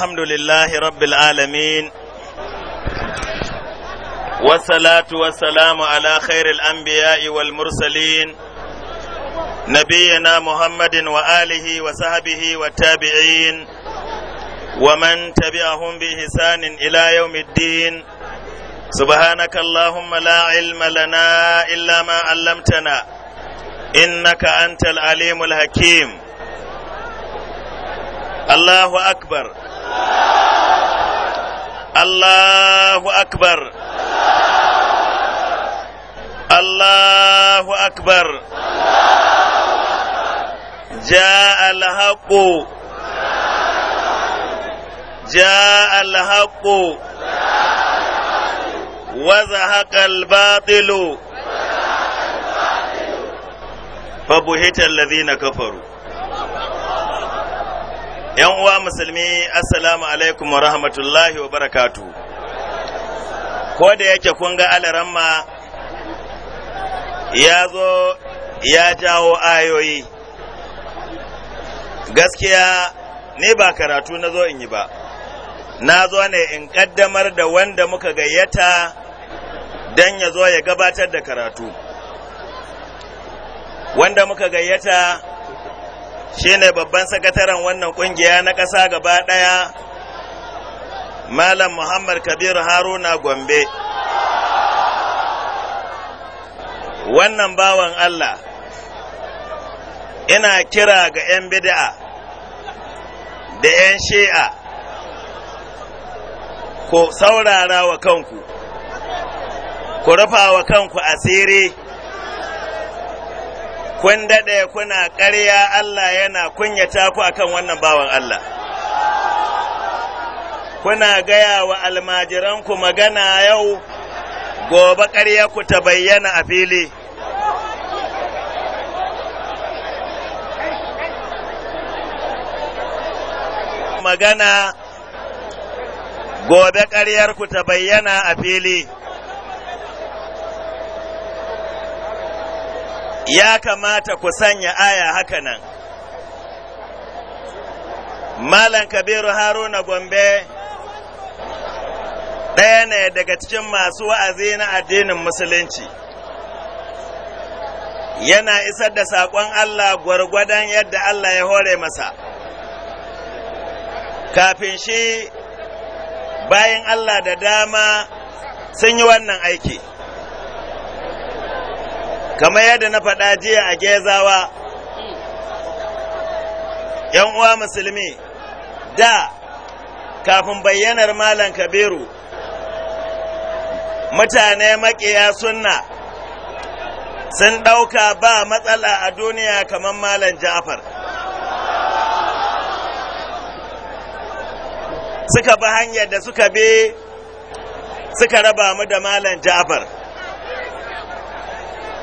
الحمد لله رب العالمين والصلاة والسلام على خير الأنبياء والمرسلين نبينا محمد وآله وصحبه والتابعين ومن تبعهم بإحسان إلى يوم الدين سبحانك اللهم لا علم لنا إلا ما علمتنا إنك أنت العليم الحكيم الله أكبر Allahu akbar Allahu akbar جاء الحق جاء الحق وزهق الباطل فبهت الذين كفروا yan uwa musulmi assalamu alaikum wa rahmatullahi wa barakatu ko da yake kun ga alaramma ya zo ya jawo ayoyi gaskiya ne ba karatu na zo in yi ba na zo ne in kaddamar da wanda muka gayyata don ya zo ya gabatar da karatu wanda muka gayyata shine babban sakataren wannan kungiya na ƙasa gaba ɗaya malam muhammad kabir haruna gombe wannan bawan allah ina kira ga 'yan bida'a da 'yan shi'a ku saurara wa kanku ku rufa wa kanku asiri kun daɗe kuna ƙarya Allah yana kunyata ku akan wannan bawan Allah. Kuna gaya wa almajiranku magana yau, gobe ƙarya ku ta bayyana a fili. Magana gobe ƙaryarku ta bayyana a fili. ya kamata ku sanya aya haka nan malam kabiru haruna gombe ɗaya ne daga cikin masu wa'azi na addinin musulunci yana isar da saƙon Allah gwargwadon yadda Allah ya hore masa kafin shi bayan Allah da dama sun yi wannan aiki kamar yadda na faɗa jiya a gezawa ‘yan uwa musulmi da kafin bayyanar malam kabiru mutane maƙiya sunna sun ɗauka ba matsala a duniya kamar malam jaafar suka bi hanyar da suka bi suka raba mu da malam jaafar.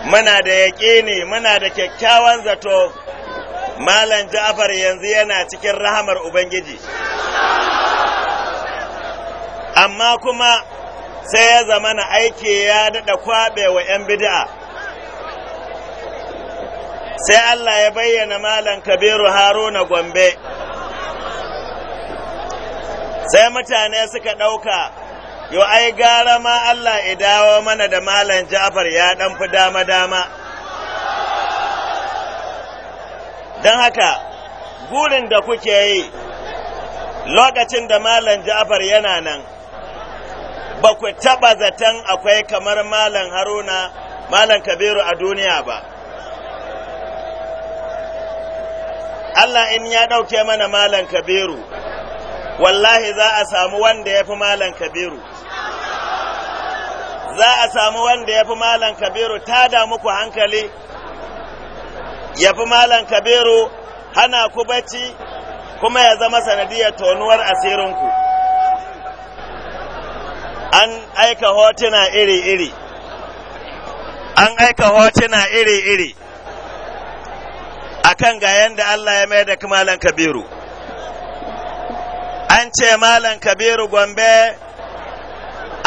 muna da yaƙini muna da kyakkyawan zato malam ja'far yanzu yana cikin rahamar ubangiji amma kuma sai ya zama na aiki ya daɗa kwaɓe wa 'yan bid'a sai Allah ya bayyana malam kabiru haruna gombe sai mutane suka ɗauka yau ai gara ma Allah ya mana da malam Ja'far ya dan fi dama dama dan haka gurin da kuke yi lokacin da malam Ja'far yana nan ba ku taba zaton akwai kamar malam Haruna malam Kabiru a duniya ba Allah in ya ɗauke mana malam Kabiru wallahi za a samu wanda ya fi malam Kabiru za a samu wanda ya fi malam kabiru ta da muku hankali ya fi malam kabiru hana ku bacci kuma ya zama sanadiyar tonuwar asirinku an aika hotuna iri-iri an aika hotuna iri-iri akan ga yadda Allah ya mai da malam kabiru an ce malam kabiru gombe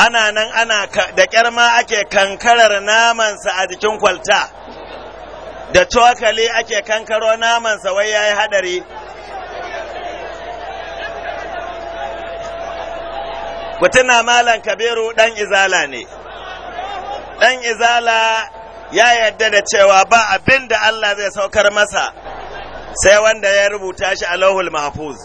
ana nan ana da ƙyar ma ake kankarar namansa a jikin kwalta da cokali ake kankaro namansa wai ya yi haɗari kutuna malan malam kabiru ɗan izala ne ɗan izala ya yarda da cewa ba abin da Allah zai saukar masa sai wanda ya rubuta shi a lauhul mahfuz.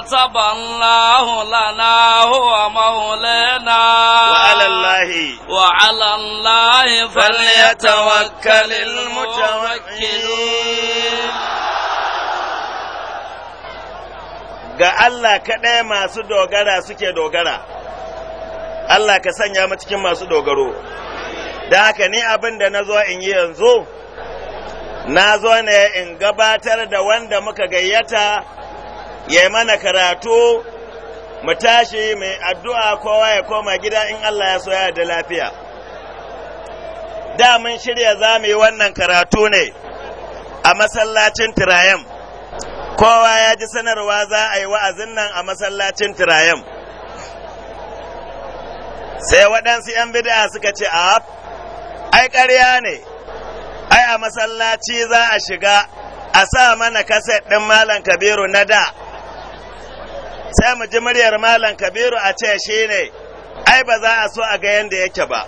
كتب الله لنا هو مولانا وعلى الله وعلى الله فليتوكل المتوكلون ga Allah kaɗai masu dogara suke dogara, Allah ka sanya mu cikin masu dogaro, da haka ni abin da na zo in yi yanzu, na zo ne in gabatar da wanda muka gayyata ya yi mana karatu mu tashi mai addu'a kowa ya koma gida in Allah ya soya da lafiya da mun shirya za mu yi wannan karatu ne a masallacin turayen. kowa ya ji sanarwa za a yi wa'azin nan a masallacin turayen. sai waɗansu ‘yan bida suka ce a ai ƙarya ne ai a masallaci za a shiga a sa mana kaset ɗin malam kabiru na da sai mu ji muryar malam kabiru a ce shi ne ai ba za a so a ga yanda yake ba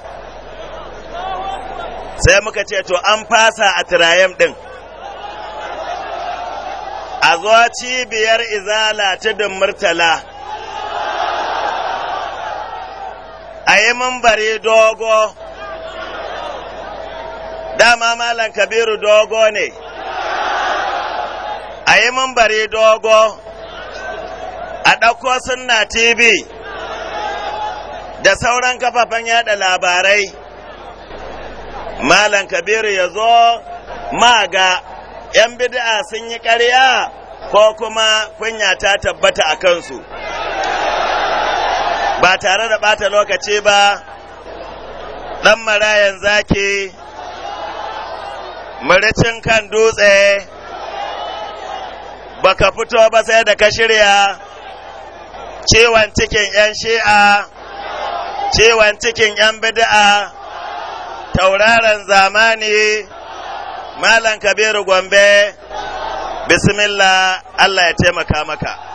sai muka ce to an fasa a tirayen ɗin a zuwa cibiyar izala tudun murtala a yi mambari dogo dama malam kabiru dogo ne a yi mambari dogo a ɗauko sunna tv da sauran kafafen yada labarai malam kabiru ya zo maga 'yan bid'a sun yi ƙarya ko kuma kunya ta tabbata a kansu ba tare da ɓata lokaci ba ɗan marayan zaki muricin kan dutse ba ka fito ba sai da ka shirya ciwon cikin 'yan shi'a, ciwon cikin 'yan bida'a, tauraron zamani, Malam Kabiru Gombe, bismillah Allah ya taimaka maka.